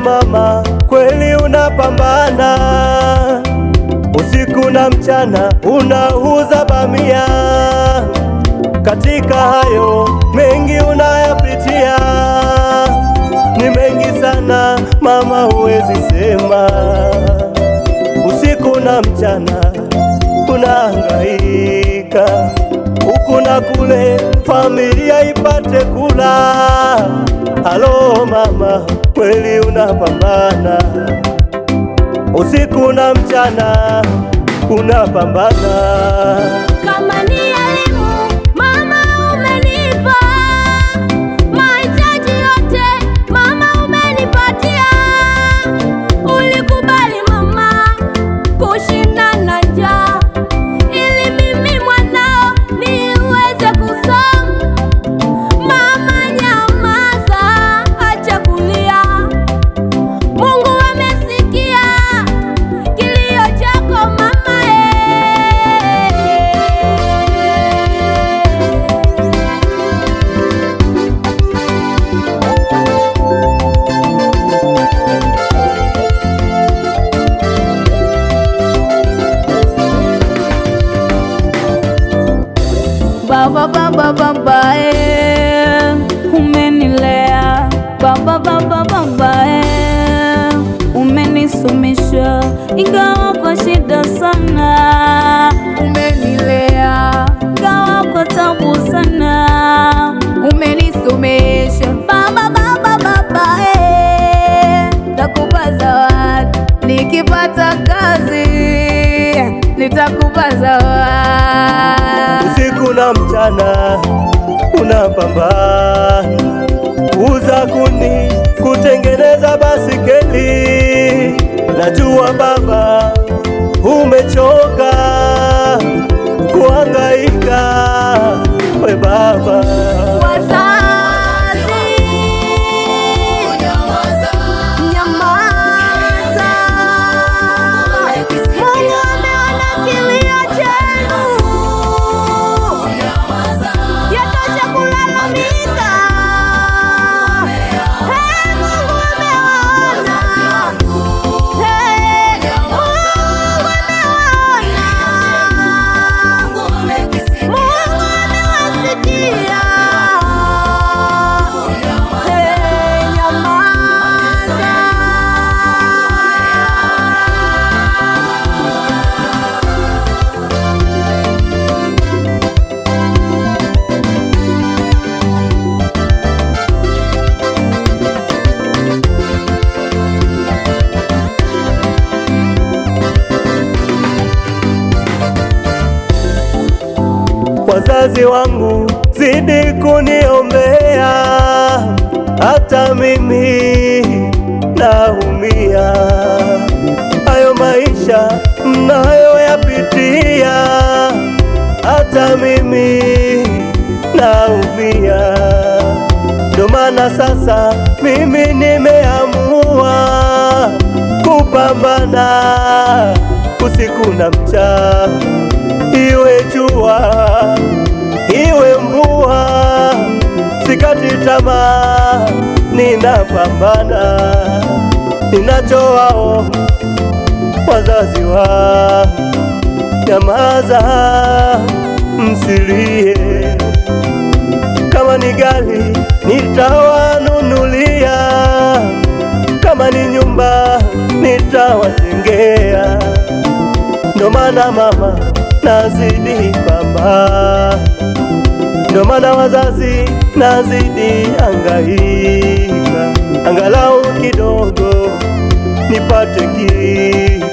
mama, kweli unapambana usiku na mchana, unauza bamia. Katika hayo mengi unayapitia, ni mengi sana mama, huwezi sema. Usiku na mchana unahangaika huku na kule, familia ipate kula. Halo mama kweli unapambana usiku na mchana unapambana kama nia Baba baba baba eh, umenilea baba baba baba eh, umenisumisha ingawa kwa shida sana, umenilea ingawa kwa tabu sana, umenisumisha mchana unapambana uza kuni kutengeneza basikeli. Najua baba wazazi wangu, zidi kuniombea, hata mimi naumia. Hayo maisha mnayoyapitia, hata mimi naumia. Ndio maana sasa mimi nimeamua kupambana usiku na mchana, iwe jua sikati tamaa, ninapambana ninachowao wazazi wa nyamaza, msilie. Kama ni gari nitawanunulia, kama ni nyumba nitawajengea. Ndo maana mama, nazidi pambana. Ndio maana wazazi nazidi angaika, angalau kidogo nipate kitu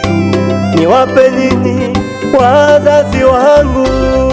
niwape nyinyi wazazi wangu.